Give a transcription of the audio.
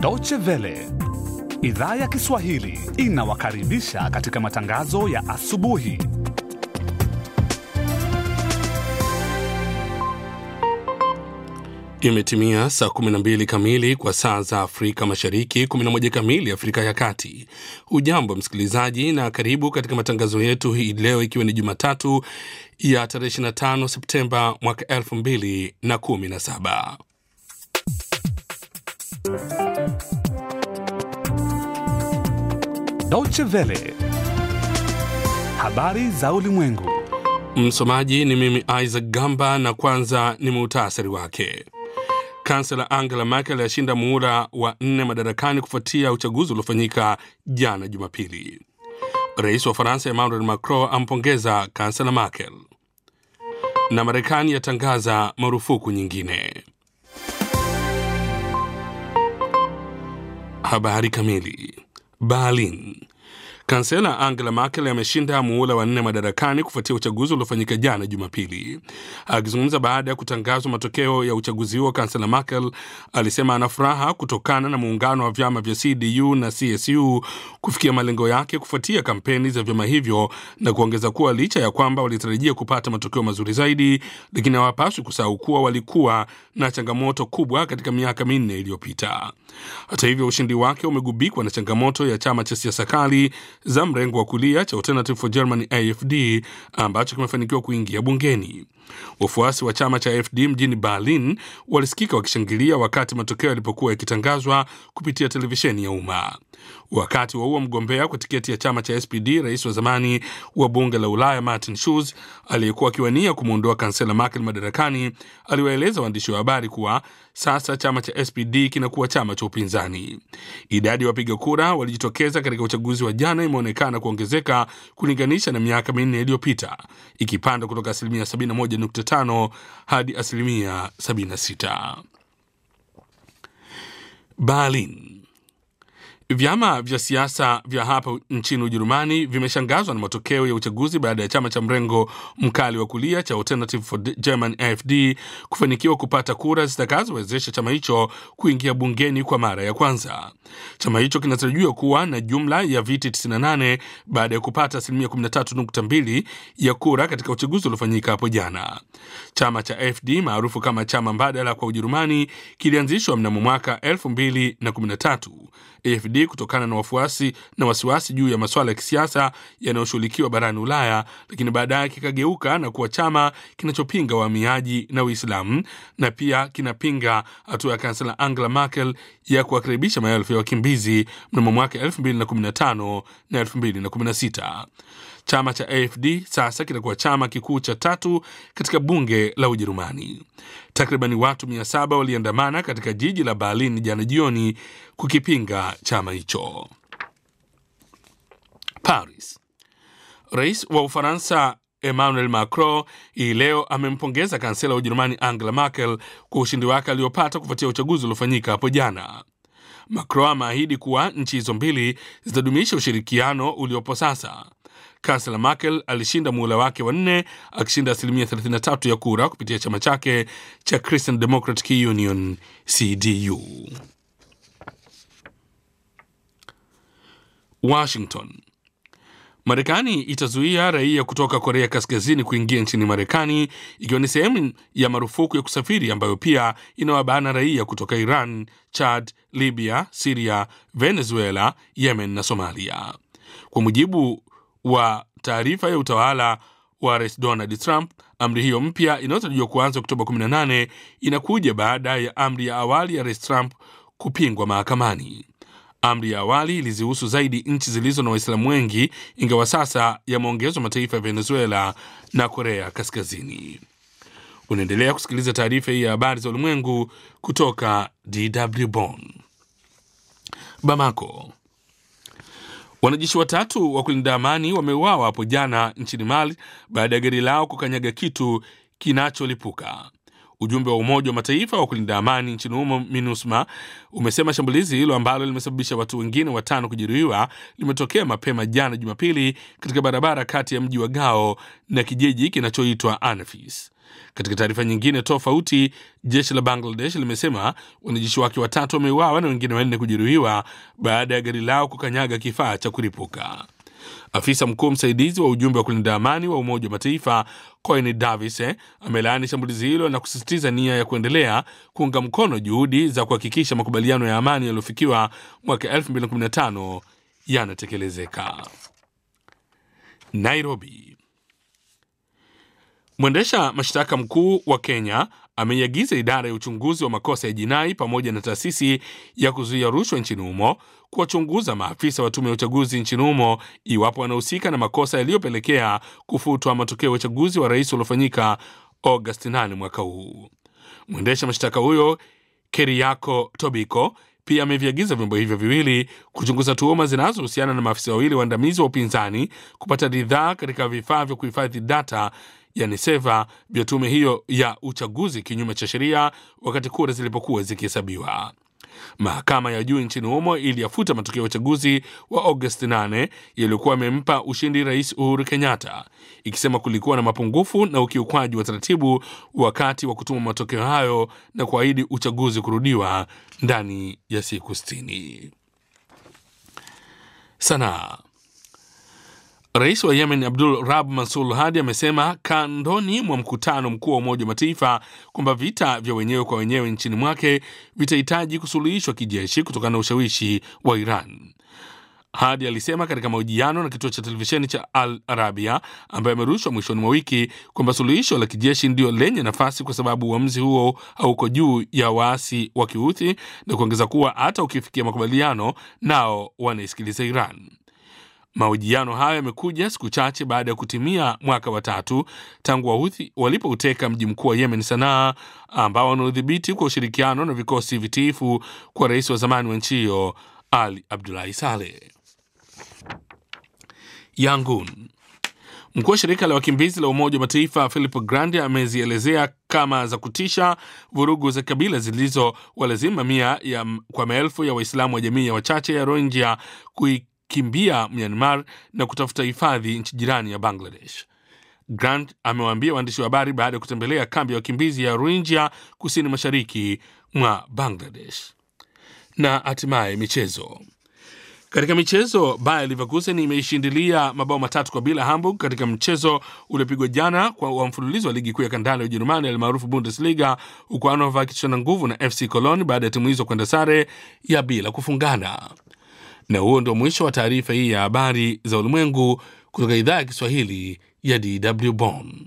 Deutsche Welle idhaa ya Kiswahili inawakaribisha katika matangazo ya asubuhi Imetimia saa 12 kamili kwa saa za Afrika Mashariki, 11 kamili Afrika ya Kati. Hujambo msikilizaji, na karibu katika matangazo yetu hii leo, ikiwa ni Jumatatu ya tarehe 25 Septemba mwaka 2017. habari za ulimwengu. Msomaji ni mimi Isaac Gamba, na kwanza ni muhtasari wake. Kansela Angela Merkel ashinda muhula wa nne madarakani kufuatia uchaguzi uliofanyika jana Jumapili. Rais wa Faransa Emmanuel Macron ampongeza Kansela Merkel na Marekani yatangaza marufuku nyingine. Habari kamili. Berlin Kansela Angela Merkel ameshinda muhula wa nne madarakani kufuatia uchaguzi uliofanyika jana Jumapili. Akizungumza baada ya kutangazwa matokeo ya uchaguzi huo, Kansela Merkel alisema ana furaha kutokana na muungano wa vyama vya CDU na CSU kufikia malengo yake kufuatia kampeni za vyama hivyo, na kuongeza kuwa licha ya kwamba walitarajia kupata matokeo mazuri zaidi, lakini hawapaswi kusahau kuwa walikuwa na changamoto kubwa katika miaka minne iliyopita. Hata hivyo, ushindi wake umegubikwa na changamoto ya chama cha siasa kali za mrengo wa kulia cha Alternative for Germany AFD ambacho kimefanikiwa kuingia bungeni. Wafuasi wa chama cha AFD mjini Berlin walisikika wakishangilia wakati matokeo yalipokuwa yakitangazwa kupitia televisheni ya umma. Wakati wa huo, mgombea kwa tiketi ya chama cha SPD, rais wa zamani wa bunge la Ulaya Martin Schulz, aliyekuwa akiwania kumwondoa kansela Merkel madarakani, aliwaeleza waandishi wa habari kuwa sasa chama cha SPD kinakuwa chama cha upinzani. Idadi ya wapiga kura walijitokeza katika uchaguzi wa jana imeonekana kuongezeka kulinganisha na miaka minne iliyopita ikipanda kutoka asilimia 71.5 hadi asilimia 76. Berlin Vyama vya siasa vya hapa nchini Ujerumani vimeshangazwa na matokeo ya uchaguzi baada ya chama cha mrengo mkali wa kulia cha Alternative for German AfD kufanikiwa kupata kura zitakazowezesha chama hicho kuingia bungeni kwa mara ya kwanza. Chama hicho kinatarajiwa kuwa na jumla ya viti 98 baada ya kupata asilimia 13.2 ya kura katika uchaguzi uliofanyika hapo jana. Chama cha AfD maarufu kama chama mbadala kwa Ujerumani kilianzishwa mnamo mwaka 2013. AfD zaidi kutokana na wafuasi na wasiwasi juu ya masuala ya kisiasa yanayoshughulikiwa barani Ulaya, lakini baadaye kikageuka na kuwa chama kinachopinga wahamiaji na Uislamu na pia kinapinga hatua ya kansela Angela Merkel ya kuwakaribisha maelfu ya wakimbizi mnamo mwaka 2015 na 2016. Chama cha AFD sasa kitakuwa chama kikuu cha tatu katika bunge la Ujerumani. Takribani watu 7 waliandamana katika jiji la Berlin jana jioni kukipinga chama hicho. Paris. Rais wa Ufaransa Emmanuel Macron hii leo amempongeza kansela wa Ujerumani Angela Merkel kwa ushindi wake aliopata kufuatia uchaguzi uliofanyika hapo jana. Macron ameahidi kuwa nchi hizo mbili zitadumisha ushirikiano uliopo sasa. Kansela Merkel alishinda muhula wake wa nne akishinda asilimia 33 ya kura kupitia chama chake cha Christian Democratic Union CDU. Washington Marekani itazuia raia kutoka Korea Kaskazini kuingia nchini Marekani ikiwa ni sehemu ya marufuku ya kusafiri ambayo pia inawabana raia kutoka Iran, Chad, Libya, Siria, Venezuela, Yemen na Somalia. Kwa mujibu wa taarifa ya utawala wa Rais Donald Trump. Amri hiyo mpya inayotarajiwa kuanza Oktoba 18 inakuja baada ya amri ya awali ya Rais Trump kupingwa mahakamani. Amri ya awali ilizihusu zaidi nchi zilizo na Waislamu wengi, ingawa sasa yameongezwa mataifa ya Venezuela na Korea Kaskazini. Unaendelea kusikiliza taarifa hii ya habari za ulimwengu kutoka DW bon Bamako. Wanajeshi watatu wa kulinda amani wameuawa hapo jana nchini Mali baada ya gari lao kukanyaga kitu kinacholipuka. Ujumbe wa Umoja wa Mataifa wa kulinda amani nchini humo MINUSMA umesema shambulizi hilo ambalo limesababisha watu wengine watano kujeruhiwa limetokea mapema jana Jumapili katika barabara kati ya mji wa Gao na kijiji kinachoitwa Anafis. Katika taarifa nyingine tofauti, jeshi la Bangladesh limesema wanajeshi wake watatu wameuawa na wengine wanne kujeruhiwa baada ya gari lao kukanyaga kifaa cha kuripuka. Afisa mkuu msaidizi wa ujumbe wa kulinda amani wa Umoja wa Mataifa coin Davis eh, amelaani shambulizi hilo na kusisitiza nia ya kuendelea kuunga mkono juhudi za kuhakikisha makubaliano ya amani yaliyofikiwa mwaka 215 yanatekelezeka. Nairobi. Mwendesha mashtaka mkuu wa Kenya ameiagiza idara ya uchunguzi wa makosa ya jinai pamoja na taasisi ya kuzuia rushwa nchini humo kuwachunguza maafisa wa tume ya uchaguzi nchini humo iwapo wanahusika na makosa yaliyopelekea kufutwa matokeo ya uchaguzi wa rais uliofanyika Agosti 8 mwaka huu. Mwendesha mashtaka huyo Keriako Tobiko pia ameviagiza vyombo hivyo viwili kuchunguza tuhuma zinazohusiana na maafisa wawili waandamizi wa upinzani kupata ridhaa katika vifaa vya kuhifadhi data yani seva vya tume hiyo ya uchaguzi kinyume cha sheria wakati kura zilipokuwa zikihesabiwa. Mahakama ya juu nchini humo iliyafuta matokeo ya uchaguzi wa Agosti 8 yaliyokuwa amempa ushindi Rais Uhuru Kenyatta, ikisema kulikuwa na mapungufu na ukiukwaji wa taratibu wakati wa kutuma matokeo hayo na kuahidi uchaguzi kurudiwa ndani ya siku 6 Sanaa. Rais wa Yemen Abdul Rab Mansur Hadi amesema kandoni mwa mkutano mkuu wa Umoja wa Mataifa kwamba vita vya wenyewe kwa wenyewe nchini mwake vitahitaji kusuluhishwa kijeshi kutokana na ushawishi wa Iran. Hadi alisema katika mahojiano na kituo cha televisheni cha Al Arabia ambayo amerushwa mwishoni mwa wiki kwamba suluhisho la kijeshi ndiyo lenye nafasi kwa sababu uamzi huo hauko juu ya waasi wa Kiuthi na kuongeza kuwa hata ukifikia makubaliano nao wanaisikiliza Iran. Mahojiano hayo yamekuja siku chache baada ya kutimia mwaka wa tatu tangu Wahuthi walipouteka mji mkuu wa Yemen, Sanaa, ambao wanaodhibiti kwa ushirikiano na vikosi vitiifu kwa rais wa zamani wa nchi hiyo Ali Abdulahi Saleh. Yangun. Mkuu wa shirika la wakimbizi la Umoja wa Mataifa philip Grandi amezielezea kama za kutisha vurugu za kabila zilizowalazimu mamia kwa maelfu ya Waislamu wa jamii ya wachache ya Rohingya kui kukimbia Myanmar na kutafuta hifadhi nchi jirani ya Bangladesh. Grant amewaambia waandishi wa habari baada ya kutembelea kambi ya wakimbizi ya Rohingya kusini mashariki mwa Bangladesh. Na hatimaye michezo. Katika michezo, Bayer Leverkusen imeishindilia mabao matatu kwa bila Hamburg katika mchezo uliopigwa jana kwa wa mfululizo wa ligi kuu ya kandanda ya Ujerumani almaarufu Bundesliga, huku Hannover akichana nguvu na FC Cologne baada ya timu hizo kwenda sare ya bila kufungana. Na huo ndio mwisho wa taarifa hii ya habari za ulimwengu kutoka idhaa ya Kiswahili ya DW bon